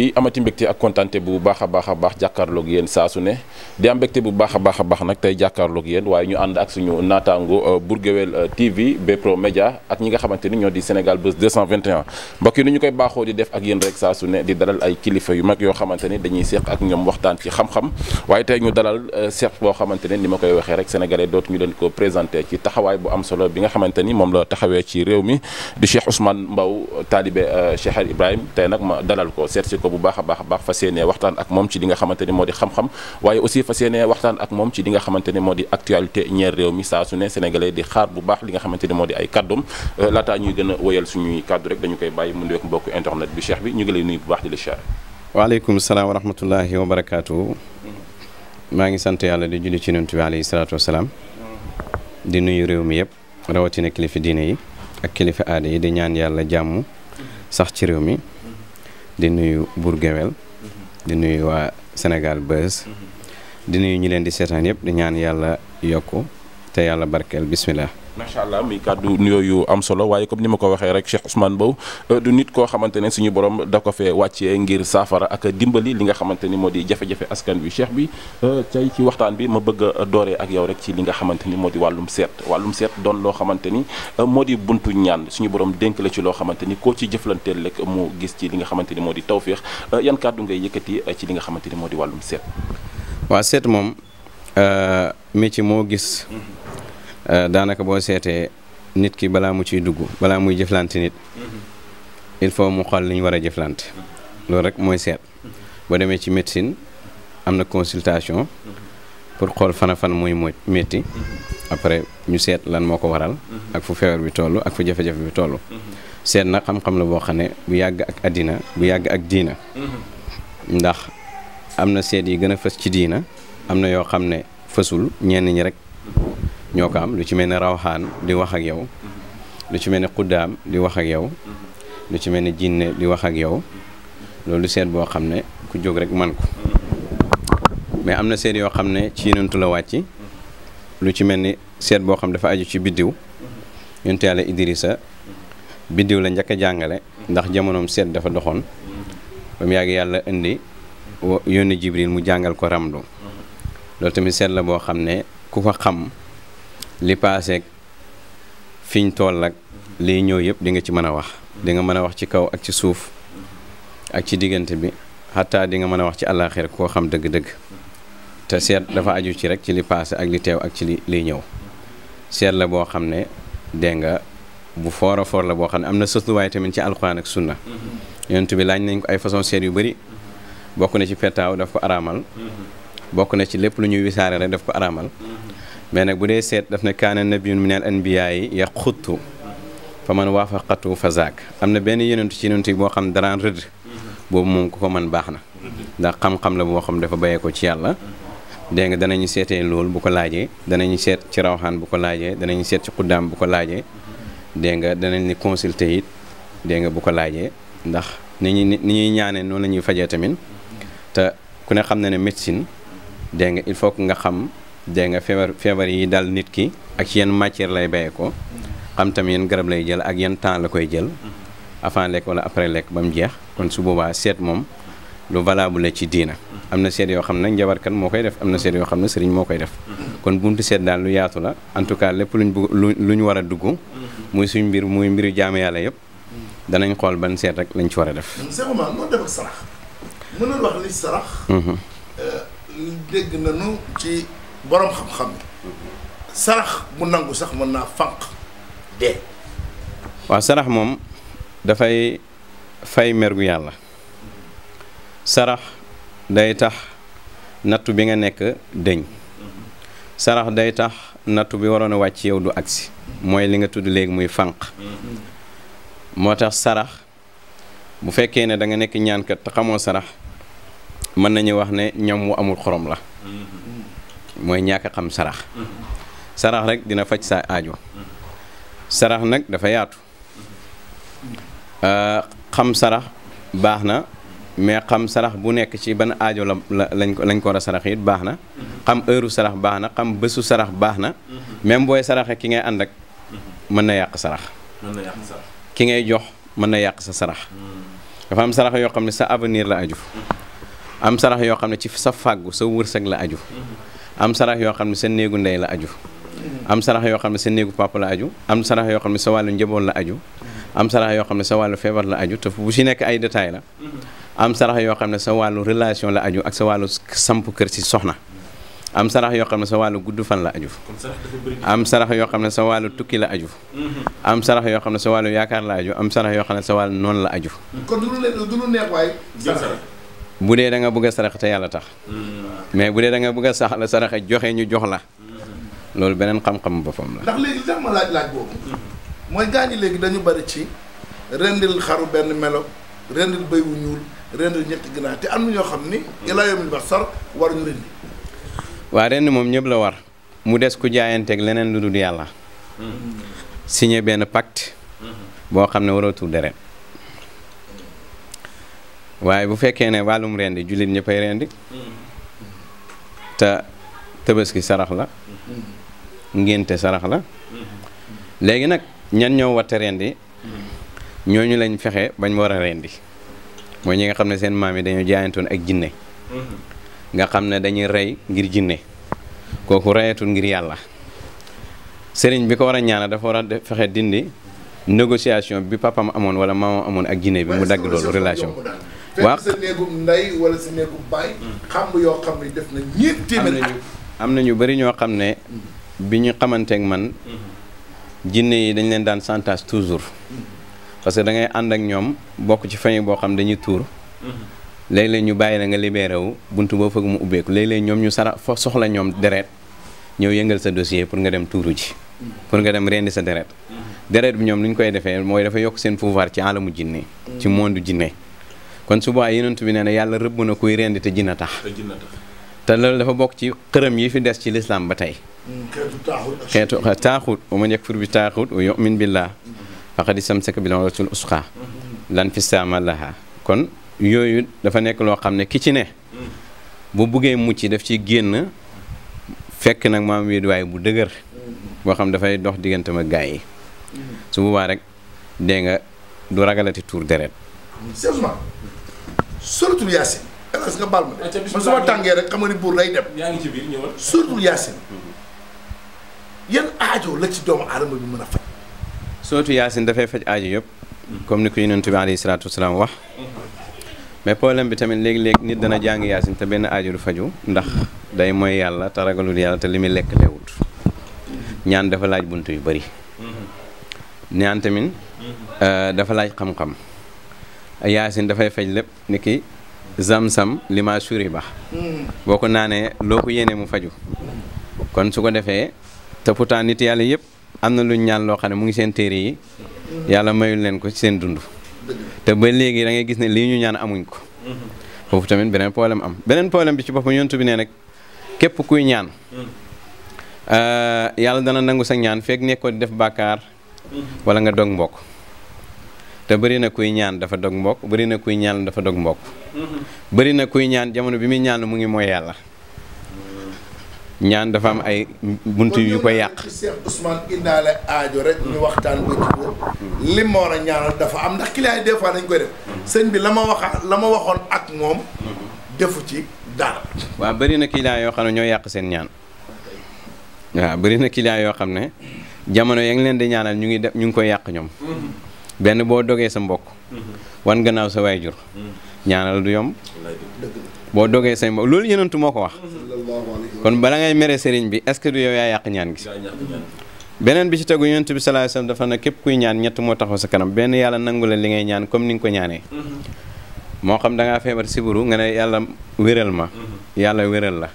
di amati mbégte ak kontante bu baax a baax a baax jàkkaarloog yéen saa su ne di am mbégte bu baax a baax a baax nag tey jàkkaarloog yéen waaye ñu ànd ak suñu naataango euh, Bourguewel euh, TV Bpro Média ak ñi nga xamante ni ñoo di Sénégal Buzz 221 mbokk yi ni ñu koy baaxoo di def ak yéen rek saa ne di dalal ay kilifa yu mag yoo xamante ni dañuy seq ak ñoom waxtaan ci xam-xam waaye tey ñu dalal euh, seq boo xamante ne ni ma koy waxee rek sénégalais dootu ñu leen ko présenté ci ni moom la taxawee ci réew mi di Cheikh Ousmane Mbaw taalibe Cheikh Ibrahim tey nag ma bu baax a baax a baax fas waxtaan ak moom ci li nga xamante ni moo di xam-xam waaye aussi fas yéene waxtaan ak moom ci li nga xamante ni moo di actualité ñeer réew mi saa su ne sénégalais di xaar bu baax li nga xamante ni moo di ay kàddum euh, laataa ñuy gën a woyal suñuy kàddu rek dañu koy bàyyi mu nuyoo ak mbokku internet bi cheikh bi ñu ngi lay nuyu bu baax di la chaar waaleykum salaam maa ngi sant yàlla di julli ci nant bi alayhi salaatu wasalaam di nuyu réew mi yëpp rawatina kilifa diine yi ak kilifa aada yi di ñaan yàlla jàmm sax ci réew mi di nuyu Bour Gueweul di nuyu waa Sénégal Buzz di nuyu ñu leen di seetaan yëpp di ñaan yàlla yokku te yàlla barkeel bismillah macha allah muy kàddu nuyoo yu am solo waaye comme ni ma ko waxee rek Cheikh Ousmane Mbow euh, du nit koo xamante ne suñu borom da ko fee wàccee ngir saafara ak dimbali li nga xamante ni moo di jafe-jafe askan bi Cheikh bi euh, tey ci waxtaan bi ma bëgg a ak yow rek ci li nga xamante ni moo di wàllum seet wàllum seet doon loo xamante ni euh, moo di buntu ñaan suñu borom dénk la ci loo xamante ni koo ci jëflanteel rek mu gis ci li nga xamante ni moo di tawféex yan kàddu ngay yëkkati ci li nga xamante ni moo di wàllum seet. waa seet moom moo gis. Mm-hmm. Euh, daanaka boo seetee nit ki balaa mu ciy dugg balaa muy jëflante nit mm-hmm. il faut mu xool li ñu war a jëflante mm-hmm. loolu rek mooy seet mm-hmm. boo demee ci médecine am na consultation pour xool fana fan muy mu après ñu seet lan moo ko waral ak fu feebar bi toll ak fu jafe-jafe bi toll seet nag xam-xam la boo xam ne bu yàgg ak àddina bu yàgg ak diina ndax am na seet yi gën a fas ci diina am na yoo xam ne fësul ñenn ñi rek ñoo ko am lu ci mel ni rawaxaan di wax ak yow lu ci mel ne xuddaam di wax ak yow lu ci mel ne jinne di wax ak yow loolu seet boo xam ne ku jóg rek man ko mais am na seet yoo xam ne ci yonentu la wàcc lu ci mel ni seet boo xam dafa aju ci biddiw yonentu yàlla Idrissa biddiw la njëkk a jàngale ndax jamonoom seet dafa doxoon ba mu yàgg yàlla indi yónni Jibril mu jàngal ko ramdu loolu tamit seet la boo xam ne ku ko xam li paaseeg fiñ tool ak liy ñëw yëpp di nga ci mën a wax di nga mën a wax ci kaw ak ci suuf ak ci diggante bi xataa di nga mën a wax ci àllaaxira koo xam dëgg-dëgg te seet dafa aju ci rek ci li paase ak li teew ak ci li liy ñëw seet la boo xam ne dégg nga bu foora foor la boo xam ne am na sësluwaay tamit ci alxuraan ak sunna mm-hmm. yonent bi laaj nañ ko ay façon seet yu bari bokk na ci petaaw daf ko araamal mm-hmm. bokk na ci lépp lu ñuy wisaare rek daf ko araamal mm-hmm. mais nag bu dee seet daf ne kaana nabiyun min al anbiyaa yi yaxuttu fa man waafaqatu fa zaak am na benn yonentu ci yonentu yi boo xam daraan rëdd boobu moom ku ko man baax na ndax xam-xam la boo xam dafa bayee ko ci yàlla dégg nga ñu seetee lool bu ko laajee danañu seet ci rawxaan bu ko laajee danañu seet ci xuddaam bu ko laajee dégg nga danañ ni consulter it dégg nga bu ko laajee ndax ni ñuy ni ñuy ñaanee noonu lañuy fajee tamit te ku ne xam na ne médecine dégg nga il faut que nga xam dégg nga feebar feebar yi dal nit ki ak yenn matière lay bayee ko xam tamit yenn garab lay jël ak yenn temps la koy jël avant lekk wala après lekk ba mu jeex kon su boobaa seet moom lu valable la ci diina am na seet yoo xam ne njabarkat moo koy def am na seet yoo xam ne sëriñ moo koy def kon buntu seet daal lu yaatu la en tout cas lépp luñ bugg lu ñu war a dugg muy suñ mbir muy mbiru jaamu yàlla yëpp danañ xool ban seet rek lañ ci war a def. sarax mënul wax boroom xam-xam sarax bu nangu sax mën naa fànq dee waaw sarax moom dafay fay mergu yàlla sarax day tax nattu bi nga nekk dëñ sarax day tax nattu bi waroon a wàcc yow du agsi mooy li nga tudd léegi muy fànq moo tax sarax bu fekkee ne danga nekk ñaankat te xamoo sarax mën nañu wax ne ñam wu amul xorom la mooy ñàkk xam sarax sarax rek dina faj sa ajo sarax nag dafa yaatu euh, xam sarax baax na mais xam sarax bu nekk ci ban aajo la lañ ko lañ ko a sarax baax na xam heure sarax baax na xam bésu sarax baax na même booy saraxe ki ngay ànd ak mën na yàq sarax ki ngay jox mën na yàq sa sarax dafa am sarax yoo xam ne sa avenir la aju am sarax yoo xam ne ci sa fàggu sa wërsëg la aju am sarax yoo xam ne seen néegu ndey la aju mm-hmm. am sarax yoo xam ne seen néegu papa la aju am yoo xam ne sa wàllu njaboot la aju mm-hmm. am sarax yoo xam ne sa wàllu feebar la aju te bu si nekk ay détail la mm-hmm. am sarax yoo xam ne sa wàllu relation la aju ak sa wàllu samp kër si soxna am sarax yoo xam ne sa wàllu gudd fan la aju am sarax yoo xam ne sa wàllu tukki la aju am sarax yoo xam ne sa wàllu yaakaar la aju am sarax yoo xam ne sa wàllu noonu la aju kon bu dee da nga bëgg a sarax te yàlla tax mais bu dee da nga bëgg a sax la joxe ñu jox la loolu beneen xam-xam boppam la. ndax léegi li ma laaj laaj boobu. léegi dañu bari ci rendil xaru benn melo rendil béy wu ñuul rendil ñetti ginaar te am ñoo xam ni. ila yomil ba sar waruñu rendi. waa rendi moom ñëpp la war mu des ku jaayanteeg leneen lu dul yàlla. siñe benn pacte. boo xam ne waratu tuur deret waaye bu fekkee ne wàllum rendi jullit ñëppay rendi. te tabaski sarax la ngénte sarax la léegi nag ñan ñoo watte rendi ñooñu lañ fexe bañ war a rendi mooy ñi nga xam ne seen maam yi dañoo jaayantoon ak jinne nga xam ne dañuy rey ngir jinne kooku reyatul ngir yàlla sëriñ bi ko war a ñaana dafa war fexe dindi négociation bi papam amoon wala maamam amoon ak jinne bi mu dagg loolu relation waaw fekk sa néegum ndey wala sa néegum baay. Mm. xam yoo xam ne def na ñeent téeméer am na ñu bëri ñoo xam ne bi ñu xamanteeg man. Mm-hmm. jinne yi dañ leen daan santage toujours. Mm-hmm. parce que da ngay ànd ak ñoom bokk ci famille boo xam dañuy tuur. Mm-hmm. léeg-léeg ñu bàyyi la nga libéré wu buntu boo fëgg mu ubbeeku léeg-léeg ñoom ñu sara soxla ñoom deret ñëw yëngal sa dossier pour nga dem tuuru ji. pour nga dem rendi sa deret. deret bi ñoom lu ñu koy defee mooy dafa yokk seen pouvoir ci alamu jinne ci monde jinne kon su boobaa yonent bi nee na yàlla rëbb na kuy rendi te jinna tax te loolu dafa bokk ci xërëm yi fi des ci lislaam ba tey mm, xeetu taaxut wa man yakfur bi taaxut wa yu'min billah kon yooyu dafa nekk loo xam ne ki ci ne bu buggee mucc def ci génn fekk nag maam wéet bu dëgër boo xam dafay dox digganteem ak gaa yi mm. su rek dee nga du ragalati tuur deret suratul yaasin elas nga baal tàngee rek xam nga ni lay dem yaa ngi yan aajo la ci doomu aadama bi mën a faj suratul yaasin dafay faj aajo yëpp comme ni ko yonent bi alayhi salaatu wasalaam wax mais polem bi tamit léegi-léegi nit dana jàng yaasin te benn aajo du faju ndax day mooy yàlla te ragalul yàlla te li muy lekk leewut ñaan dafa laaj bunt yu bëri mhm. ñaan tamit mhm. euh, dafa laaj xam-xam yaasin dafay faj lépp ni ki zam-sam li ma suri ba hmm. boo ko naanee loo ko yéene mu faju kon su ko defee te pourtant nit yàlla yëpp am na lu ñaan loo xam ne mu ngi seen téere yi hmm. yàlla mayul leen ko ci seen dund te ba léegi da ngay gis ne lii ñu ñaan amuñ ko hmm. foofu tamit beneen problème am beneen problème bi ci boppam yontu bi ne nag képp kuy ñaan euh, yàlla dana nangu sa ñaan fekk nekkoo def bàkkaar wala nga dog mbokk te bëri na kuy ñaan dafa dog mbokk bëri na kuy ñaan dafa dog mbokk na kuy ñaan jamono bi muy ñaan mu ngi mooy yàlla ñaan dafa am ay bunt yu ko yàq. Cheikh Ousmane aajo rek. ñu waxtaan am ndax client dañ koy def. bi la ma waxa la ma waxoon ak moom. defu ci dara. waaw bëri na client yoo xam ne ñoo yàq seen ñaan. waa bëri na client yoo xam ne jamono ya ngi leen di ñaanal ñu ngi def ñu ngi koy yàq ñoom. benn boo dogee sa mbokk mm-hmm. wan gannaaw sa waajur mm-hmm. ñaanal du yomb boo dogee say mbokk loolu yenentu moo ko wax kon bala ngay mere sëriñ bi est-ce que du yow yaa yàq ñaan gi beneen bi ci tegu yenentu bi sallallahu alayhi wasallam dafa ne képp kuy ñaan ñett moo taxaw sa kanam benn yàlla nangu la li ngay ñaan comme ni nga ko ñaanee mm-hmm. moo xam da feebar siburu nga ne yàlla wéral ma yàlla wéral la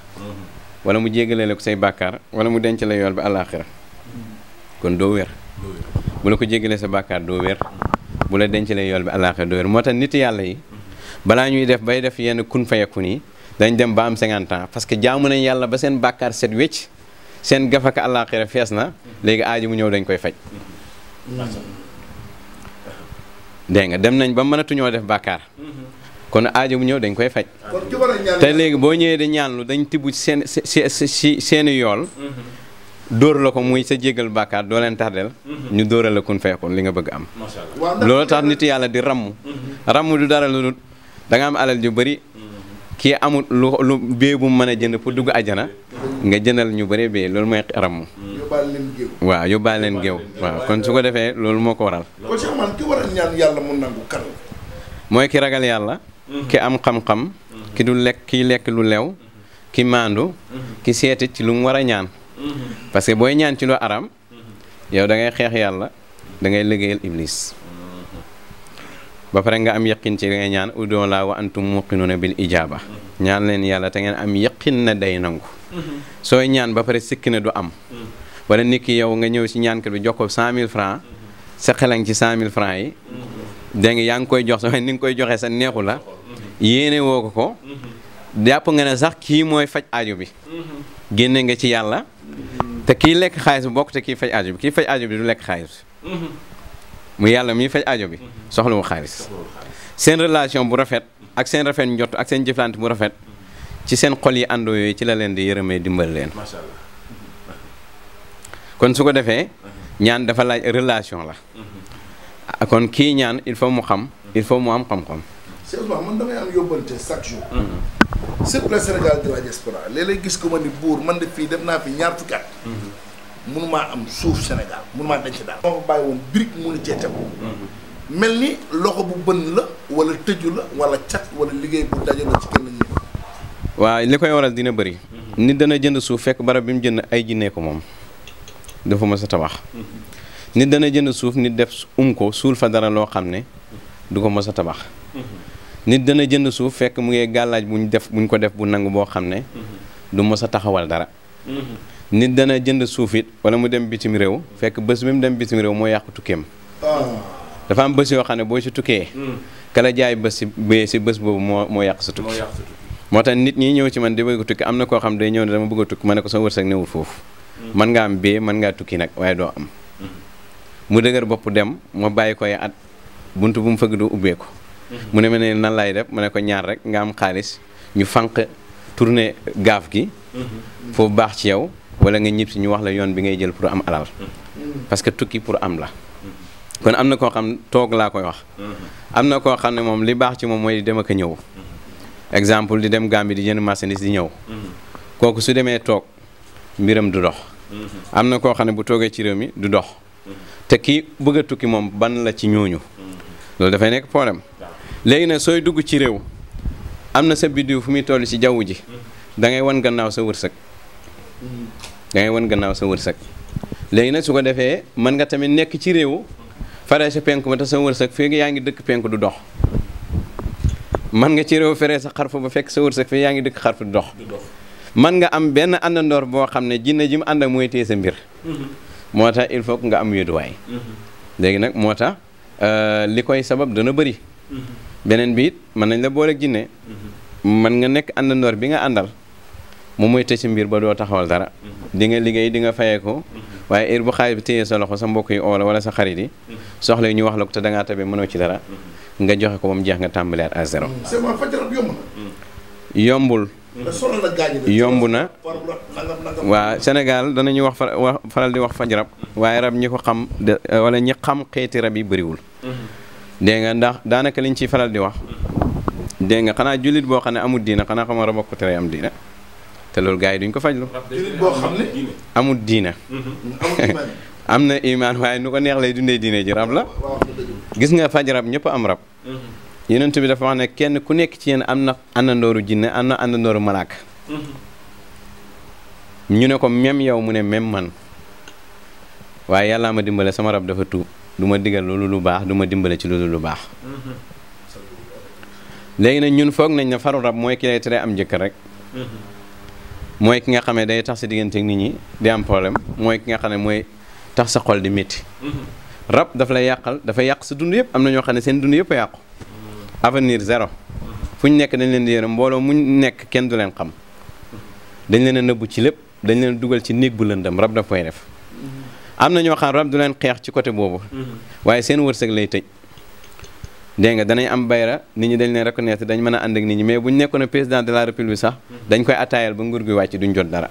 walla mu jéggale la ko say bàkkaar wala mu denc la yool bi àllaaxira kon doo wér bu la ko jéggalee sa bàkkaar doo wér bu la dencalee yool bi àllaaxira doo wér moo tax nit yàlla yi balaa ñuy def bay def yenn kun fayeeku nii dañ dem ba am 50 ans parce que jaamu nañ yàlla ba seen bàkkaar set wecc seen gafaka àllaaxira fees na léegi aaji bu ñëw dañ koy faj dégg nga dem nañ ba mënatuñoo def bàkkaar kon aajo bu ñëw dañ koy faj te léegi boo ñëwee di ñaanlu dañ tibb seen si seeni yool mm-hmm. dóor la ko muy sa jéggal bàkkaar doo leen del mhm. ñu dóoral la kun fayakun li nga bëgg am loolu tax nit yàlla di ramm mhm. ramm du dara lu dul da am alal ju bari mhm. kii amul lu lu bee bu mën a jënd pour dugg ajana nga jëndal ñu bari bee loolu mooy ramm waaw yóbbaale leen géew waa kon su ko defee loolu moo ko waral ko yàlla mu mooy ki ragal yàlla ki am xam-xam ki du lekk lekk lu lew ki maandu ki seeti ci lu mu war a ñaan parce que booy ñaan ci lu araam yow da ngay xeex yàlla dangay ngay liggéeyal iblis ba pare nga am yaqin ci li ngay ñaan udoo laa wa antum muqinuuna bil ijaaba ñaan leen yàlla te ngeen am yaqin na day nangu sooy ñaan ba pare sikk na du am wala nit ki yow nga ñëw si ñaankat bi jox ko cent mille francs sa xelan ci cent mille francs yi dégg yaa ngi koy jox sa ni nga koy joxe sa neexu la yéene woo ko ko yàpp nga ne sax kii mooy faj aajo bi mm-hmm. génne nga ci yàlla mm-hmm. te kii lekk xaalis bi bokk te kii faj aajo bi kii faj aajo bi du lekk xaalis mm-hmm. mu yàlla mii faj aajo bi soxlawu xaalis seen relation bu rafet ak seen rafet njot ak seen jëflante bu rafet ci seen xol yi àndoo yooyu ci la leen di yërëmee dimbal leen kon su ko defee ñaan dafa laaj relation la kon kii ñaan il faut mu xam il faut mu am xam-xam sérieusement man damay am yóbbante chaque jour. Mhm. sur le senegal de la diaspora léeg gis ko ma ni buur man de fii def naa fi ñaar fukki at. mënumaa mhm. am suuf Sénégal mënumaa denc daal. moo ko bàyyi woon brique mënu cee tegu. Mhm. mel ni loxo bu bën la wala tëju la wala cat wala liggéey bu dajoo ci kenn nit. waaw li koy waral dina bëri. nit dana jënd suuf fekk barab bi mu jënd ay jinne ko moom dafa mës a tabax. nit dana jënd suuf nit def um ko suul fa dara loo xam ne du ko mës a tabax. nit dana jënd suuf fekk mu ngi gàllaaj buñ def buñ ko def bu nangu boo xam ne du mos a taxawal dara nit dana jënd suuf it wala mu dem bitim réew fekk bës bi mu dem bitim réew moo yàqu dafa am bés yoo xam ne boo ci tukkee kala jaay bés si bee si bés boobu moo moo yàq sa tukki moo tax nit ñi ñëw ci man di bëgg tukki am na koo xam day ñëw ne dama bëgg a tukki ma ne ko sa wërsëg newul foofu man nga am bee man ngaa tukki nag waaye doo am mm-hmm. mu dëgër bopp dem ma bàyyi koy at bunt bu mu fëgg doo ubbee ko mu ne ma ne nan laay def mu ne ko ñaar rek nga am xaalis ñu fànq tourné gaaf gi mhm. foofu baax ci yow wala nga ñib si ñu wax la yoon bi ngay jël pour am alal mhm. parce que tukki pour am la mhm. kon am na koo xam toog laa koy wax am na koo xam ne moom li baax ci moom mooy di dem ak a ñëw exemple di dem bi di jënd marchandise di ñëw kooku su demee toog mbiram du dox am na koo xam ne bu toogee ci réew mi du dox te ki bëgg tukki moom ban la ci ñooñu loolu dafay nekk problème léegi nag sooy dugg ci réew am na sa biddiw fu muy toll ci jaww ji da ngay wan gannaaw sa wërsëg da ngay wan gannaaw sa wërsëg léegi nag su ko defee mën nga tamit nekk ci réew faree sa penk ba te sa wërsëg fekk yaa ngi dëkk penku du dox man nga ci réew feree sa xarfu ba fekk sa wërsëg yaa ngi dëkk xarfu du dox man nga am benn àndandoor boo xam ne jinne ji mu ànd mooy téye sa mbir mm-hmm. moo tax il faut nga am wéeduwaay mm-hmm. léegi nag moo tax euh, li koy sabab dana bari mm-hmm. beneen bi it mën nañ la booleeg jinne man mm-hmm. nga nekk àndandoor bi nga àndal moom mooy tëj ci mbir ba doo taxawal dara mm-hmm. di nga liggéey di nga fayee ko mm-hmm. waaye heure bu xaalis bi téyee sa loxo sa mbokk yi oola wala sa xarit yi soxla ñu wax la ko te da ngaa tabe mënoo ci dara nga joxe ko ba mu jeex nga tàmbaliwaat à zéro yombul yomb na waa Sénégal danañu wax faral di wax faj rab waaye rab ñi ko xam wala ñi xam xeeti rab yi bariwul dégg nga ndax daanaka liñ ciy faral di wax dégg nga xanaa jullit boo xam ne amul diina xanaa xam nga rab ko tere am diina te loolu gars yi duñ ko faj jullit boo diina. Mm-hmm. am na imaan waaye nu ko neex lay dundee diine ji rab la. gis nga faj rab ñëpp am rab. Mm-hmm. yeneen bi dafa wax ne kenn ku nekk ci yenn am na àndandooru jinne am na àndandooru malaaka mm-hmm. ñu ne ko même yow mu ne même man waaye yàllaa ma dimbale sama rab dafa tuub. du ma digal loolu lu baax duma dimbale ci loolu lu baax léegi nag ñun foog nañ ne faru rab mooy ki lay tere am jëkkër rek mooy ki nga xam ne day tax sa digganteek nit ñi di am problème mooy ki nga xam ne mooy tax sa xol di métti rab daf lay yàqal dafa yàq sa dund yëpp am na ñoo xam ne seen dund yëpp yàqu avenir zéro fu ñu nekk dañ leen di yërëm mbooloo mu nekk kenn du leen xam dañ leen a nëbbu ci lépp dañ leen dugal ci néeg bu lëndëm rab daf koy def am na ñoo xam rab du leen xeex ci côté boobu mm-hmm. waaye seen wërsëg lay tëj dégg nga danañ am bayra nit ñi dañ leen reconnaître dañ mën a ànd ak nit ñi mais bu ñu nekkoon président de la république sax mm-hmm. dañ koy attaayal ba nguur gi wàcc duñ jot dara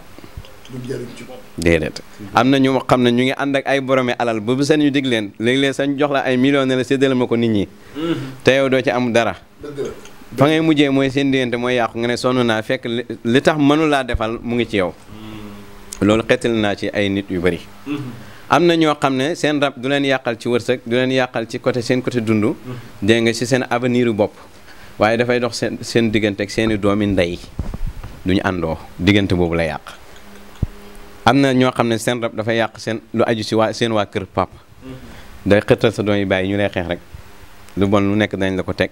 déedéet am na ñu xam ne ñu ngi ànd ak ay borome alal ba bu seen ñu dig leen léeg-léeg sañ jox la ay millions ne la séddale ma ko nit ñi mm-hmm. te yow doo ci am dara fa ngay mujjee mooy seen diggante mooy yàqu nga ne sonn naa fekk li tax mënu laa defal mu ngi ci yow loolu xetal naa ci ay nit yu bëri mm-hmm. am na ñoo xam ne seen rab du leen yàqal ci wërsëg du leen yàqal ci côté seen côté dund mm-hmm. dégg nga ci seen avenir bopp waaye dafay dox seen seen diggante ak seen i doomi ndey du ñu àndoo diggante boobu la yàq am na ñoo xam ne seen rab dafay yàq seen lu aju ci waa seen waa kër papa mm-hmm. day xëttal sa doom yi bàyyi ñu lay rek lu bon lu nekk dañ la ko teg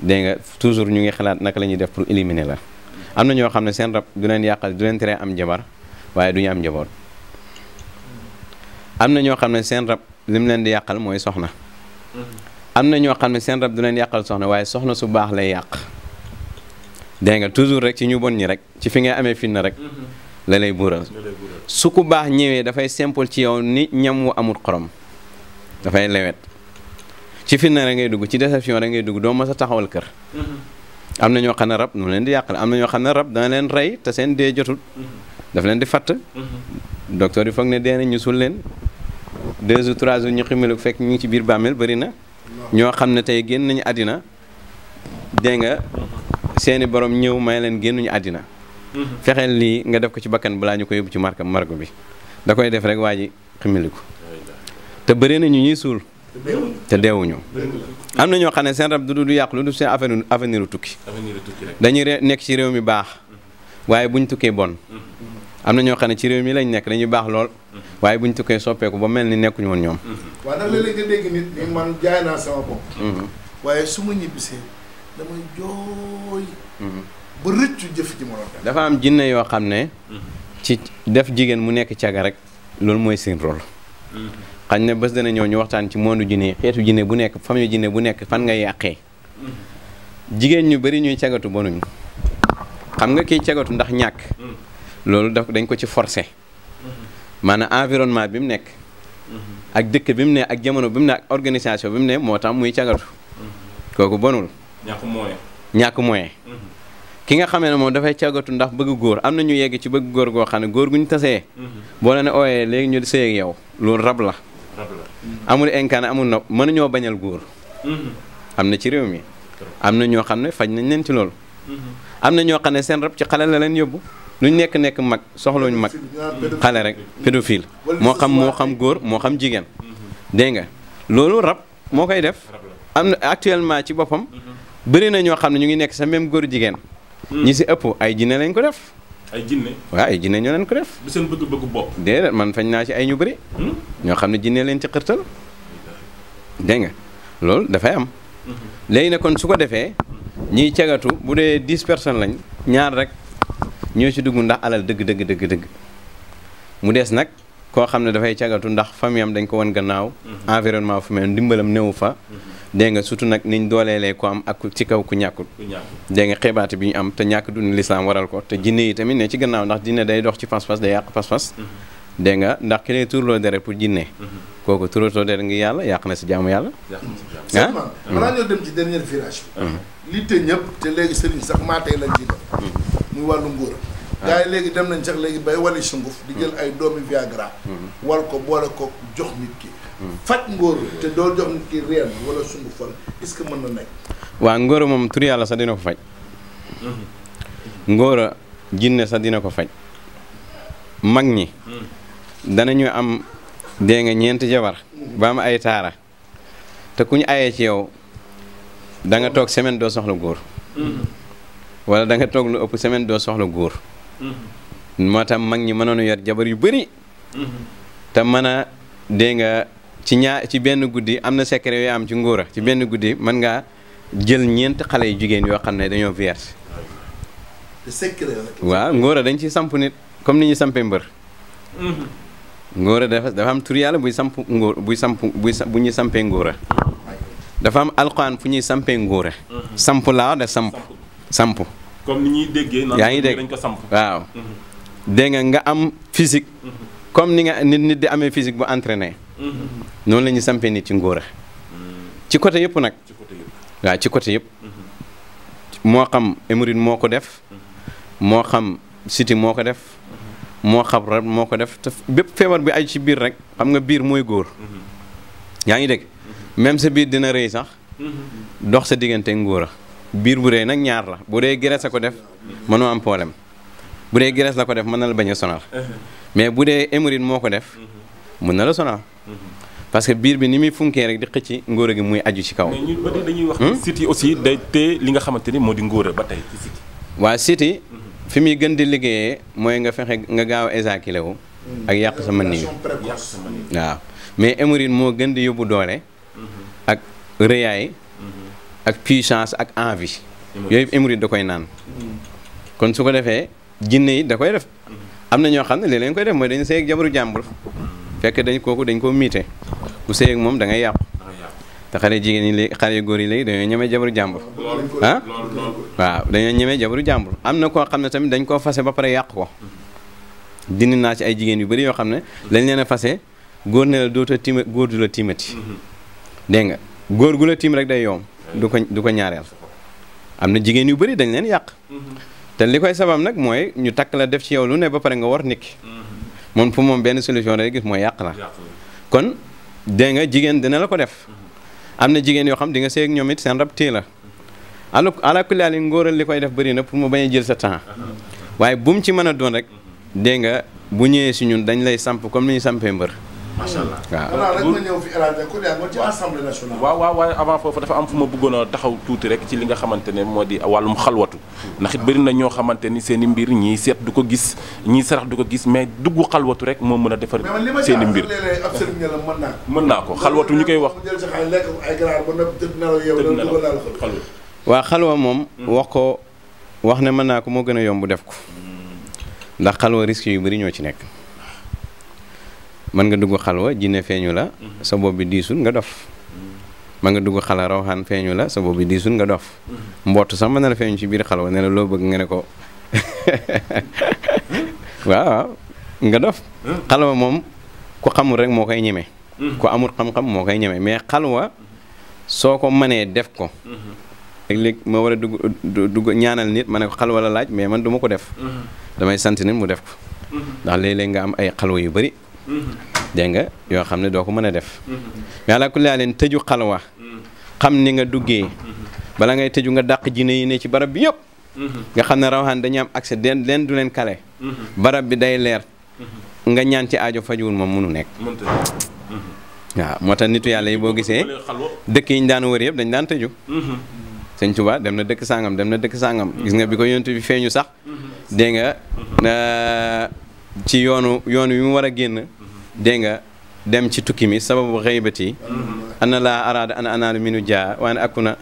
dégg nga toujours ñu ngi xalaat naka la ñuy def pour éliminer la am na ñoo xam ne seen rab du leen yàqal du leen teree am jabar waaye du ñu am njaboot am na ñoo xam ne seen rab li mu leen di yàqal mooy soxna mm-hmm. am na ñoo xam ne seen rab du leen yàqal soxna waaye soxna su baax lay yàq dégg nga toujours rek ci ñu bon ñi rek ci fi ngay amee fitna rek mm-hmm. la lay buural su ku baax ñëwee dafay simple ci yow ni ñam wu amul xorom dafay lewet ci na rek ngay dugg ci déception rek ngay dugg doo mës a taxawal kër mm-hmm. am na ñoo xam ne rab nu leen di yàqal am na ñoo xam ne rab dana leen rey te seen dee jotul daf leen di fatt mhm. docteur yi foog ne dee nañ ñu sul leen deux ou trois jours ñu ximilu fekk ñu ngi ci biir bàmmeel bëri na ñoo xam ne tey génn nañu àddina dégg nga mhm. seeni borom ñëw may leen génnuñu àddina mhm. fexeel lii nga def ko ci bakkan balaa ñu ko yóbbu ci marka margo bi da koy def rek waa ji ximiliku te bëri na ñu ñuy suul te deewuñu am na ñoo xam ne seen rab du du yàqu lu du seen avenir avenir tukki dañuy nekk ci réew mi baax waaye buñ tukkee bon am na ñoo xam ne ci réew mi lañ nekk dañuy baax lool waaye buñ tukkee soppeeku ba mel ni nekkuñu woon ñoom. waaw ndax léeg-léeg mm-hmm. waaye su ma ñibbisee damay jooy. Mm-hmm. ba rëccu jëf ji ma dafa am jinne yoo xam ne. ci def jigéen mu nekk caga rek loolu mooy seen rôle. Mm-hmm. xañ na bés dana ñëw ñu waxtaan ci monde jinne xeetu jinne bu nekk famille jinne bu nekk fan ngay yàqee. jigéen ñu bari ñuy cagatu bonuñ xam nga kiy cagatu ndax ñàkk. loolu daf dañ ko ci forcer maanaam environnement bi mu nekk mm-hmm. ak dëkk bi mu ne ak jamono bi mu ne ak organisation bi mu ne moo tax muy cagatu mm-hmm. kooku bonul ñàkk moyen ñàkk moyen mm-hmm. ki nga xamee ne moom dafay cagatu ndax bëgg góor am na ñu yegg ci bëgg góor goo xam ne góor gu ñu tasee boo la ne ooyee léegi ñu sëy ak yow loolu rab la amul inkaana amul nopp mën ñoo bañal góor am na ci réew mi am na ñoo xam ne faj nañ leen ci loolu am na ñoo xam ne seen rab ci xale la leen yóbbu luñ nekk nekk mag soxlawuñ mag xale rek pédophile moo xam moo xam góor moo xam jigéen dégg nga loolu rab moo koy def am na actuellement ci boppam bëri na ñoo xam ne ñu ngi nekk sa même góor jigéen ñi si ëpp ay jinne lañ ko def ay jinne waaw ay jinne leen ko def du seen bëgg-bëggu bopp déedéet man fañ naa ci ay ñu bëri hmm? ñoo xam ne jinne leen ci xërtal dégg nga loolu dafay am léegi nag kon su ko defee ñiy cagatu bu dee dix personnes lañ ñaar rek ñoo ci dugg ndax alal dëgg dëgg dëgg dëgg mu des nag koo xam ne dafay cagatu ndax famiyam dañ ko wan gannaaw mm-hmm. environnement fu mel ndimbalam néew fa mm-hmm. dégg nga surtout nag niñ dooleelee ko am ak ci kaw ku ñàkkul dégg nga xeebaate bi ñu am te ñàkk dund lislaam waral ko te mm-hmm. jinne yi tamit ne ci gannaaw ndax jinne day dox ci pas-pas day yàq pas-pas dégg nga ndax ki lay turloo deret pour jinne kooku turatoo deret ngi yàlla yàq na si jaamu yàlla ah maanaa ñoo dem ci dernier muy wàllu ngóor ah. gaa léegi dem nañ sax léegi bay wali sunguf di jël hmm. ay doomi viagra hmm. wal ko boole ko jox nit ki hmm. faj ngóor te doo jox nit ki reen wala sungufal est-ce que mën na nekk waaw ngóor moom tur yàlla sax dina ko faj ngóor a jinne sax dina ko faj mag ñi ñu am dégg nga ñeenti jabar ba am ay taara te ku ñu ayee ci yow da nga toog semaine doo soxla góor wala da nga toog lu ëpp semaine doo soxla góor mm-hmm. moo tax mag ñi mënoon yor jabar yu bëri mm-hmm. te mën a dégg nga ci ñaar ci benn guddi am na secret yu am ci ngóora ci benn guddi mën ngaa jël ñeent xale yu jigéen yoo xam ne dañoo vierge waaw ngóora dañ ciy samp nit comme ni ñuy sampee mbër mm-hmm. ngóora dafa am tur yàlla buy samp ngóor buy samp bu ñuy sampee ngóora dafa am alquran fu ñuy sampee ngóora samp laa de samp samp comme ni ñuy déggee. yaa ngi dégg dañ ko samp waaw. Mm-hmm. dégg nga nga am physique. Mm-hmm. comme ni nga nit nit di amee physique bu entraîné. Mm-hmm. noonu lañuy sampee nit ci ngóora. ci côté yëpp nag. ci waaw ci côté yëpp. moo xam émirine moo ko def. moo xam siti moo ko def. moo xam rab moo ko def te bépp feebar bi ay ci biir rek xam nga biir mooy góor. yaa ngi dégg même sa biir dina rëy sax. dox sa diggante ngóora. biir bu rëy nag ñaar la bu dee graisse a ko def mënoo am problème bu dee graisse la ko def mën na la bañ a sonal mais bu dee hémorroïde moo ko def mën na la sonal parce que biir bi ni muy funkee rek di xëcc ngóora gi muy aju ci kaw. mais ñun wax. site hmm? yi aussi day li nga xamante ni moo di ngóora ba tey ci site fi muy gën di liggéeyee mooy nga fexe nga gaaw a éjaculé ak yàq sa man nii waaw mais hémorroïde moo gën di yóbbu doole ak rëyaay. ak puissance ak envie yooyu émoride da koy naan kon su ko defee jinne yi da koy def am na ñoo xam ne li leen koy def mooy dañu sëy ak jabaru jàmbur fekk dañ kooku dañ koo miite ku sëy moom da ngay yàqu te xale jigéen ñi léegi góor yi léegi dañoo ñemee jabaru jàmbur ah waaw dañoo ñemee jàmbur am na koo xam ne tamit dañ koo fase ba pare yàq ko dindi naa ci ay jigéen yu bëri yoo xam ne dañ leen a fase góor ne la doota tiima góor tiimati dégg nga góor gu la tiim rek day yoom du ko du ko ñaareel am na jigéen yu bari dañ leen yàq te li koy sabab nag mooy ñu takk la def ci yow lu ne ba pare nga war nikki moom pour moom benn solution rek gis mooy yàq la kon dee nga jigéen dina la ko def am na jigéen yoo xam di nga seeg ñoom it seen rab téye la ala alakulial yi ngóoral li koy def bari na pour mu bañ a jël sa temps waaye bu mu ci mën a doon rek dee nga bu ñëwee si ñun dañ lay samp comme ni ñu sampee mbër macha allah waaw rek ma waaw waaye avant foofu dafa am fu ma bëggoon a taxaw tuuti rek ci li nga xamante ne moo di wàllum xalwatu ndax it bëri na ñoo xamante ni seen i mbir ñii seet du ko gis ñii sarax du ko gis mais dugg xalwatu rek moo mën a defar seen i mbir mën naa ko xalwatu ñu koy wax waaw xalwa moom hmm. wax ko wax ne mën naa ko moo gën a yomb def ko hmm. ndax xalwa risque yu bëri ñoo ci nekk man nga dugg xalwa jinne mhm. mhm. feeñu la sa bopp bi diisul nga dof man nga dugg xala feeñu la sa bopp bi diisul nga dof mbott sax mën na la feeñu ci biir xalwa ne la loo bëgg nga ne ko waaw nga dof mhm. xalwa moom ku xamul rek moo koy ñeme ku amul xam-xam moo koy ñeme mais xalwa soo ko manee def ko léeg-léeg ma war a dugg ñaanal nit ma ne ko xalwa la laaj mais man duma ko def damay sant nit mu def ko ndax léeg-léeg nga am ay xalwa yu bari dégg nga yoo xam ne doo ko mën a def mais ala kulli leen tëju xalwa xam ni nga duggee bala ngay tëju nga dàq jinne yi ne ci barab bi yëpp nga xam ne rawaxaan dañu am accès den leen du leen kale barab bi day leer nga ñaan ci ajo aajo wul moom munu nekk waaw moo tax nitu yàlla yi boo gisee dëkk yiñ daan wër yëpp dañ daan tëju sëñ Tuba dem na dëkk sàngam dem na dëkk sàngam gis nga bi ko yonent feeñu sax dégg nga ci yoonu yoon wi mu war a génn dégg nga dem ci tukki mi sababu xëybati mm-hmm. ana laa araada ana mi minu jaa waan akuna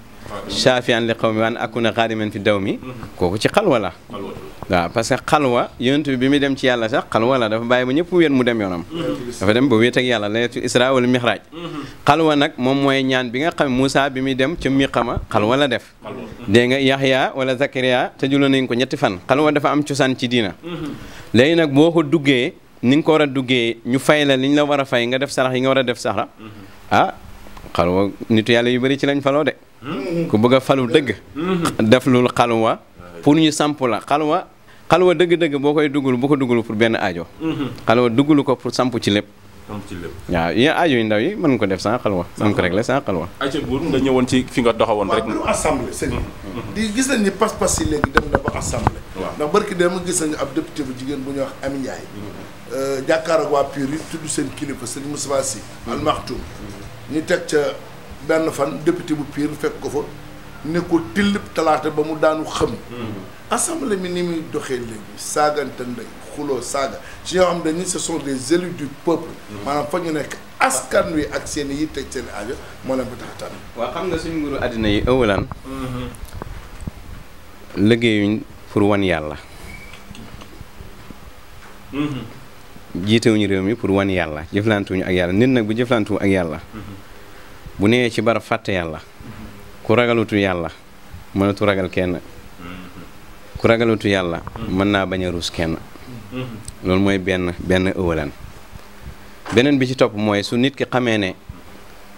shaafian li qawmi waan akuna xaadiman fi daw mi mm-hmm. kooku ci xalwa la waaw parce que xalwa yonent bi bi muy dem ci yàlla sax xalwa la dafa bàyyi ba ñëpp wéet mu dem yoonam mm-hmm. dafa dem ba wéet ak yàlla laylatul isra wala mixraaj xalwa nag moom mooy ñaan bi nga xam Moussa bi muy dem ca miqama xalwa la def dégg nga Yaxya wala Zakariya te juloon nañ ko ñetti fan xalwa dafa am cosaan ci diina léegi ni nga ko war a duggee ñu fay la li ñu la war a fay nga def sarax yi nga war a def sarax mm-hmm. ah xalwa nitu yàlla yu bëri ci lañ faloo de mm-hmm. ku bëgg a falu dëgg mm-hmm. def lul xalwa pour ñu samp la xalwa xalwa dëgg-dëgg boo koy duggul boo ko duggul pour benn aajo xalwa duggulu ko pour samp ci lépp am ci lépp waaw yéen aajo yu ndaw yi mën nga ko def sans xalwa mën nga ko régler sans xalwa ayca buur nga ñëwoon ci fi nga doxawoon rek waaw assemblée sëñ di gis nañ ni pas-pas yi léegi dem na ba assemblée ndax barki dama gis nañu ab député bu jigéen bu ñuy wax Ami Ndiaye euh, jàkkaaroo waa Pire yi tudd seen kilifa sëñ Moussa Sy Al Maktoum ñu teg ca benn fan député bu Pire fekk ko fa ne ko tillib talaata ba mu daanu xam hmm. assemblée mi ni muy doxee léegi saagante ndey xuloo saaga ci ñoo xam askan wi ak seen yi teg nga suñu nguuru àddina yi ëwalaan mm-hmm. liggéeyuñ pour wan yàlla mm-hmm. jiitewuñu réew mi pour wan yàlla jëflantuwuñu ak yàlla nit nag bu jëflantuwu ak yàlla mm-hmm. bu newee ci bara fàtte yàlla ku ragalutu yàlla mënatu ragal kenn ku ragalutu yàlla mën naa bañ ruus kenn Mm-hmm. loolu mooy benn benn ëwalan beneen bi ci topp mooy su nit ki xamee ne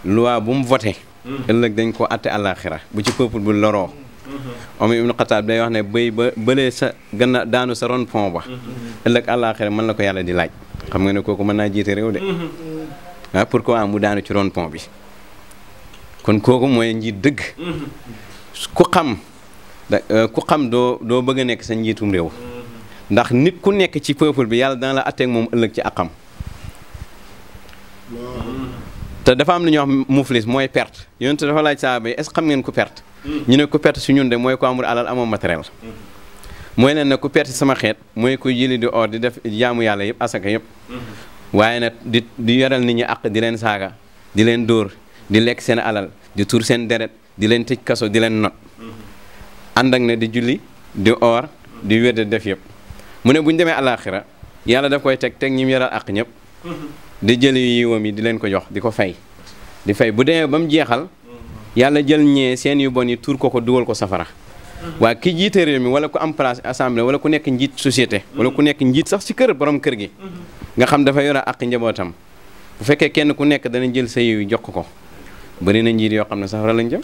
loi bu mu voté mm-hmm. ëllëg dañ ko atte àllaaxira bu ci peuple bu loroo mm-hmm. Omar ibnu Xataab day wax sa gën daanu sa ron pont ba ëllëg àllaaxira mën la ko yàlla di laaj xam nga ne kooku mën naa jiit réew de waaw ah, pourquoi mu daanu ci ron pont kon kooku mooy njiit dëgg ku xam euh, ku doo doo bëgg nekk sa njiitum réew ndax nit ku nekk ci peuple bi yàlla dana la atteeg moom ëllëg ci akam te dafa am lu ñuy wax muflis mooy perte yonent dafa laaj saaba yi est xam ngeen ku perte mm. ñu ne ku perte su ñun de mooy ko amul alal amoo matériel mm. mooy leen ne ku perte sama xeet mooy koy jëli di or di def jaamu yàlla yëpp asaka yëpp mm. waaye nag di di yoral nit ñi àq di leen saaga di leen dóor di lekk seen alal di tuur seen deret di leen tëj kaso di leen not ànd ak na di julli di or di wér def yëpp mu ne bu ñu demee àllaaxira yàlla daf koy teg teg ñi mu yaral àq ñëpp di jël yiwam yi di leen ko jox di ko fay di fay bu demee ba mu jeexal yàlla jël ñee seen yu bon yi tuur ko ko dugal ko safara waa ki jiite réew mi wala ku am place assemblée wala ku nekk njiit societé wala ku nekk njiit sax ci kër borom kër gi nga xam dafa yor àq njabootam bu fekkee kenn ku nekk dana jël sa yiw jox ko bëri na njiit yoo xam ne safara lañ jëm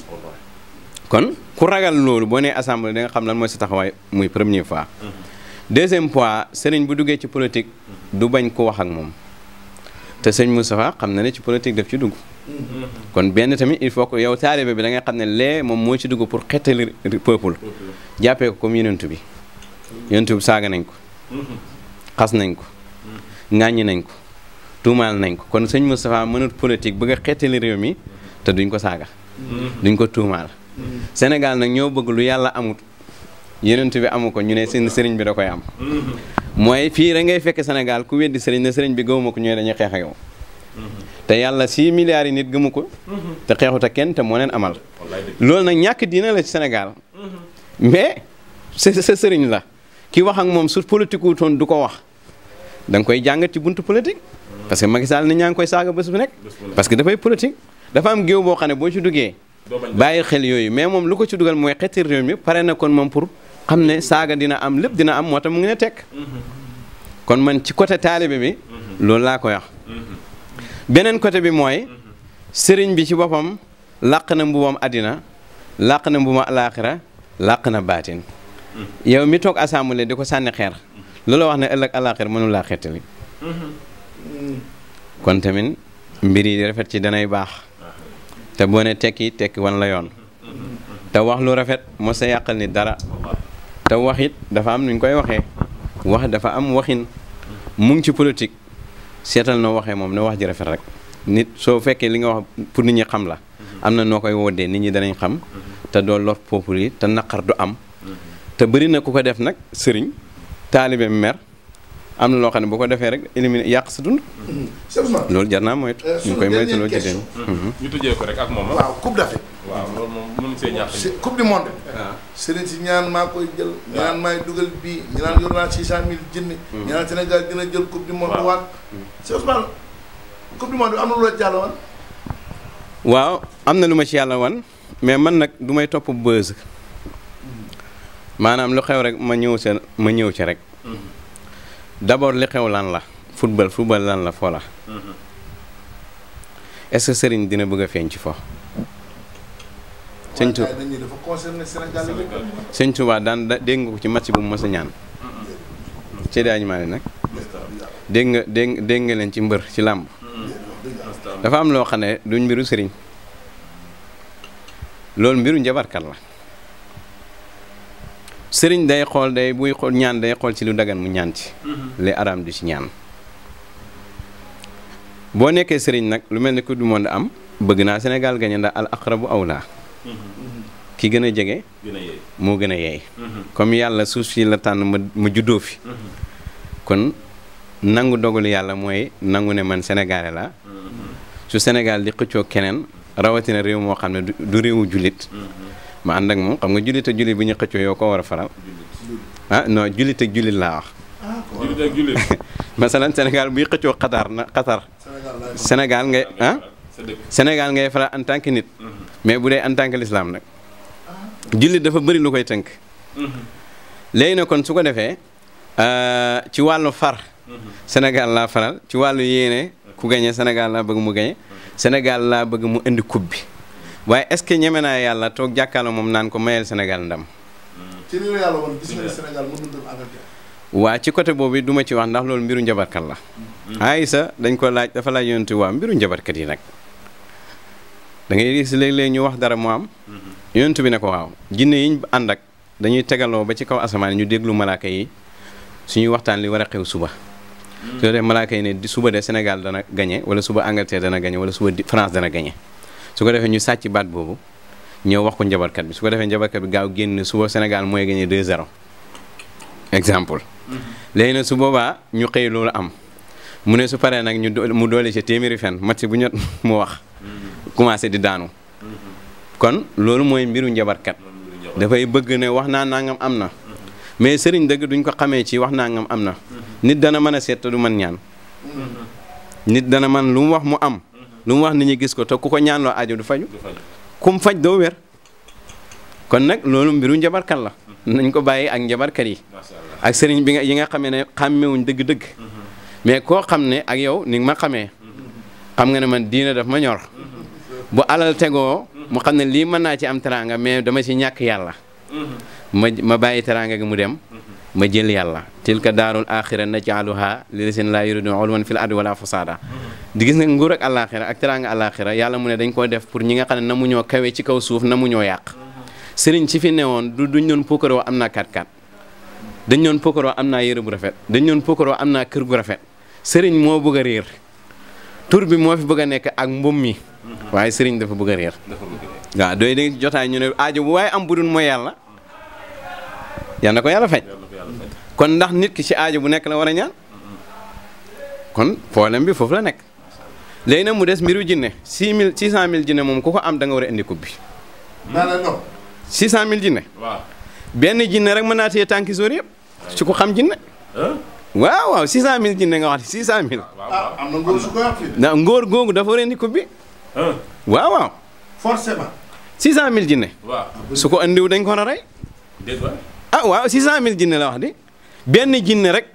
kon ku ragal loolu boo nee assemblée da nga xam lan mooy sa taxawaay muy première fois deuxième point sëriñ bu duggee ci politique du bañ ko wax ak moom te sëñ Moustapha xam na ne ci politique def ci dugg kon benn tamit il faut que yow taalibe bi da nga xam ne lee moom moo ci dugg pour xettali peuple jàppee ko comme yonent bi yonent bi saaga nañ ko xas nañ ko ŋàññi nañ ko tuumaal nañ ko kon sëñ Moustapha mënut politique bëgg a xettali réew mi te duñ ko saaga duñ ko tuumaal Sénégal nag ñoo bëgg lu yàlla amut yenent bi amu ko ñu ne seen sëriñ bi da koy am mooy fii rek ngay fekk Sénégal ku weddi sëriñ ne sëriñ bi gëmuma ko ñooy dañuy xeex ak yow te yàlla six milliards yi nit gëmu ko te xeexut ak kenn te moo leen amal loolu nag ñàkk diina la ci Sénégal sa sëriñ la ki wax ak moom su politique wutoon du ko wax da nga koy jàngat ci buntu politique parce que Macky Sall ni ñaa ngi koy saaga bés bu nekk parce dafay politique dafa am géew boo xam ne boo ci duggee bàyyi xel yooyu mais moom lu ko ci dugal mooy xetti réew mi moom xam ne saaga dina am lépp dina am moo mu ngi ne tekk kon man ci côté taalibe bi loolu laa koy wax beneen côté bi mooy sëriñ bi ci boppam làq na mbubam àddina làq na mbubam alaaxira làq na baatin yow mi toog assemblée di ko sànni xeer loolu wax ne ëllëg alaaxira mënu laa xettali tamit mbir yi rafet ci danay baax te boo ne tekki tekki wan la yoon te wax lu rafet moo sa yàqal ni dara te wax it dafa am nu ñu koy waxee wax dafa am waxin mu ngi ci politique seetal na waxee moom ne wax ji rafet rek nit soo fekkee li nga wax pour nit ñi xam la am na noo koy woddee nit ñi danañ xam te doo lor peuple yi te naqar du am te bëri na ku ko def nag sëriñ taalibe mer am na loo xam ne bu ko defee rek éliminer yàq sa dund. loolu jar naa moytu. Eh, ñu koy moytu loolu ci moom. Ah. mënu see ñàkk c'est coupe du monde ah. sëriñ si ñaan maa koy jël ah. ñu naan maay dugal bii ñu naan yor naa six cent mille jënni hmm. ñu dina jël coupe du monde waat hmm. coupe du monde bi am na lu am na lu ma ci yàlla wan mais man nag du may topp buzz maanaam lu xew rek ma ñëw sa ma ñëw ci rek hmm. d'abord li xew lan la football football lan la fo la est-ce dina bëgg a feeñ ci fo sëñ Tuuba daan dégg nga ko ci match bu mu mës ñaan ci daañu maa nag dégg nga dégg nga leen ci mbër ci làmb dafa am loo xam ne duñ mbiru sëriñ loolu mbiru njabarkat la sëriñ day xool day buy xool ñaan day xool ci lu dagan mu ñaan ci mhm. li araam du ci ñaan boo nekkee sëriñ nag lu mel ni coupe du monde am bëgg naa Sénégal gagné ndax al aw laa ki gën a jege. moo gën a yeey. Mhm. comme yàlla suuf si la tànn ma ma juddoo fi. Mhm. nangu dogalu yàlla mooy nangu ne man Sénégalais mhm. su Sénégal di xëccoo keneen rawatina réew moo xam ne du réewu jullit. ma ànd ak moom xam nga jullit ak jullit bu ñu xëccoo yoo ko war a faral. ah non jullit ak jullit laa wax. Ah, jullit ak Sénégal buy xëccoo Qatar na Qatar. Sénégal ngay ah. ngay faral en nit. mais bu dee en tant que nag jullit dafa bëri lu koy tënk léegi na kon su ko defee euh, ci wàllu far Sénégal laa faral ci wàllu yéene ku gañe Sénégal laa bëgg mu gañe Sénégal laa bëgg mu indi coupe bi waaye est-ce que ñeme naa yàlla toog jàkkaarloo moom naan ko mayel Sénégal ndam ci waa ci côté boobu du ma ci wax ndax loolu mbiru njabarkat la mm. Aïssa dañ ko laaj dafa laaj yonentu waa mbiru njabarkat yi nag da ngay gis léeg-léeg ñu wax dara mu am yonent bi ne ko waaw jinne yiñ ànd ak dañuy tegaloo ba ci kaw asamaan ñu déglu malaaka yi suñuy waxtaan li war a xew suba hmm. su dee malaaka yi ne suba de Sénégal dana gañe wala suba Angleterre dana gañe wala suba France dana gañe su ko defee ñu sàcc baat boobu ñëw wax ko njabarkat bi su ko defee njabarkat bi gaaw génn suba Sénégal mooy gañe 2-0 exemple hmm. léegi nag su boobaa ñu xëy loolu am mu ne su paree nag ñu mu doole ci téeméeri fen match bu ñot mu wax commencé di daanu kon loolu mooy mbiru njabarkat dafay bëgg ne wax naa nangam am na mais sëriñ dëgg duñ ko xamee ci wax nangam am na nit dana mën a seet te du ñaan nit dana man lu mu wax mu am lu mu wax nit ñi gis ko te ku ko ñaan loo aajo du faju kum faj doo wér kon nag loolu mbiru njabarkat la nañ ko bàyyi ak njabarkat yi ak sëriñ bi nga yi nga xamee ne xàmmewuñ dëgg-dëgg mm-hmm. mais koo xam ne ak yow ni ma xamee mm-hmm. xam nga ne man diina daf ma ñor mm-hmm. bu alal tegoo mu xam ne lii mën naa ci am teraanga mais dama ci ñàkk yàlla ma ma bàyyi teraanga gi mu dem ma jël yàlla tilka daarul na axira naj'aluha lillaziina laa yuriduuna ulwan fil ardi wala fasaada di gis nag nguur ak alaxira ak teraanga alaxira yàlla mu ne dañ koo def pour ñi nga xam ne na mu ñoo kawe ci kaw suuf na mu ñoo yàq sëriñ ci fi ne woon du duñ doon pokkaroo am naa katkat dañ doon pokkaroo am naa yére bu rafet dañ doon pokkaroo am naa kër gu rafet sëriñ moo bëgg a réer bi moo bëgg a nekk ak mbum mi waaye sëriñ dafa bëgg a réer. waaw doy da jotaay ñu ne aajo bu waaye am budul mooy yàlla yal na ko yàlla faj kon ndax nit ki ci aajo bu nekk la war a ñaan kon problème bi foofu la nekk léegi nag mu des mbiru jinne six mille six cent mille jinne moom ko ko am da nga war a indi kub bi. Hmm? non six cent mille jinne. waaw benn jinne rek mën naa téye tànki yëpp su ko xam jinne. waaw waaw six cent mille jinne nga wax six cent mille. Ah, am na googu dafa war a indi kub waaw waaw. forcément. 600000 jinne. waaw su ko andiw dañ ko na rey. dégg ah waaw 600000 jinne la wax di benn jinne rek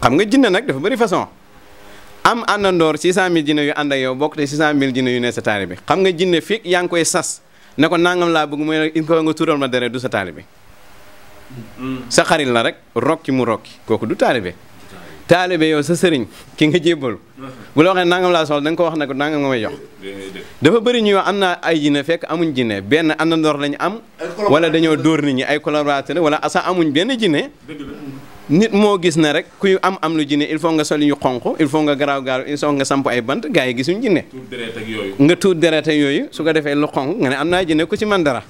xam nga jinne nag dafa bëri façon am àndandoor 600000 jinne yu ànd yow bokk te 600000 jinne yu ne sa taalibe xam nga jinne fii yaa ngi koy sas ne ko nangam laa bëgg mooy il faut nga tuural ma dere du sa taalibe hmm. sa xarit la rek rokki mu rokki kooku du taalibe. taalibe yow sa sëriñ ki nga jébbalu bu la waxee nangam laa soxla da nga ko wax ne ko nangam nga may jox dafa bëri ñuy wax am naa ay jinne fekk amuñ jinne benn àndandoor lañu am wala dañoo dóor nit ñi ay collaborateur wala asa amuñ benn jinne nit moo gis na rek kuy am am lu jinne il faut nga sol yu xonq il faut nga garaaw garaaw il faut nga samp ay bant gars yi gisuñ jinne nga tuut deret yooyu su ko defee lu xonq nga ne am naa jinne ku ci man dara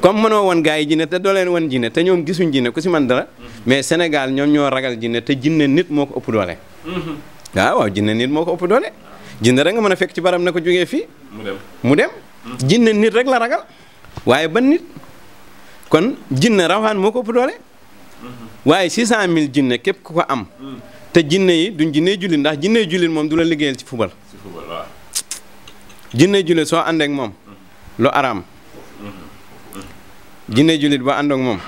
comme mënoo woon gaa yi jinne te doo leen woon jinne te ñoom gisuñ jinne ku si man dara mhm. mais Sénégal ñoom ñoo ragal jinne te jinne nit moo ko ëpp doole mhm. waaw waaw moo ko mën a fekk ci baram na ko jógee fii mu dem mhm. jinne nit rek la ragal waaye ban nit kon jinne rawaan moo ko ëpp képp ku ko am te jinne yi duñ jinne jullit ndax jinne jullit moom du la liggéeyal ci fubal jinne jullit soo àndeek moom lu araam jinne jullit ba àndoog moom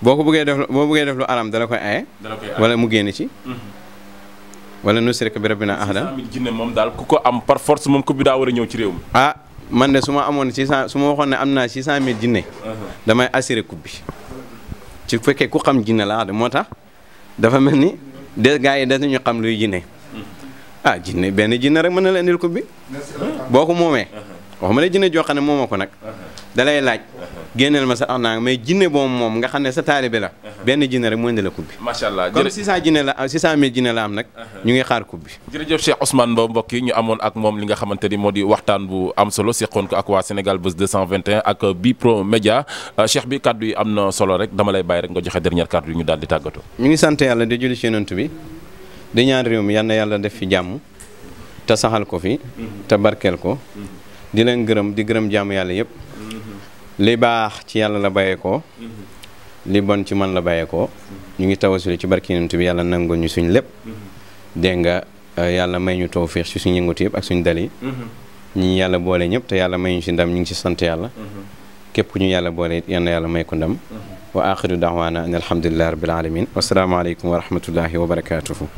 boo ko bëggee def boo bëggee def lu aram dala koy aye wala mu génn ci mm-hmm. wala nusrik bi rabbina ahada jinne moom daal ku ko am par force moom ko bi daa war a ñëw ci réew mi ah man de su ma amoon six cent su ma waxoon ne am naa six cent mille jinne uh-huh. damay assuré coupe bi ci fekkee ku xam jinne laa de moo tax dafa mel ni des gars yi dañu xam luy jinne mm-hmm. ah jinne benn jinne rek mën na la indil coupe bi boo ko moomee uh-huh. ma la jinne joo xam ne moom ko nag uh-huh. dalay laaj génneel ma sa ax naa mais jinne boobu moom nga xam ne sa taalibe la uh-huh. benn jinne rek moo indi la kubbi macha allah comme 600 jinne la 600 mille jinne la am nag uh-huh. ñu ngi xaar kubbi jërëjëf Cheikh Ousmane Mbow yi ñu amoon ak moom li nga xamante ni moo di waxtaan bu am solo seqoon ko ak waa Sénégal Buzz 221 ak Bprod Média euh, Cheikh bi kaddu yi am na solo rek dama lay bàyyi rek nga joxe dernière kaddu yi ñu daal di tàggatoo ñu ngi sant yàlla di julli ci yonent bi di ñaan réew mi yal na yàlla def fi jàmm te saxal ko fi mm-hmm. te barkeel ko mm-hmm. leen gërëm di gërëm jàmm yàlla yëpp li baax ci yàlla la bàyyeekoo mm-hmm. li bon ci man la bàyyeekoo mm-hmm. ñu ngi tawasulu ci barki yonent bi yàlla nangul ñu suñ lépp mm-hmm. dégg nga euh, yàlla may ñu tawfiix ci suñ yëngatu yëpp ak suñ dal ñi yàlla boole ñëpp te yàlla may ñu si ndam ñu ngi si sant yàlla képp ñu yàlla boole it yàlla may ko ndam wa axiru daawaana an alhamdulilahi rabbil alamin wasalaamaaleykum wa rahmatullahi wa barakatuhu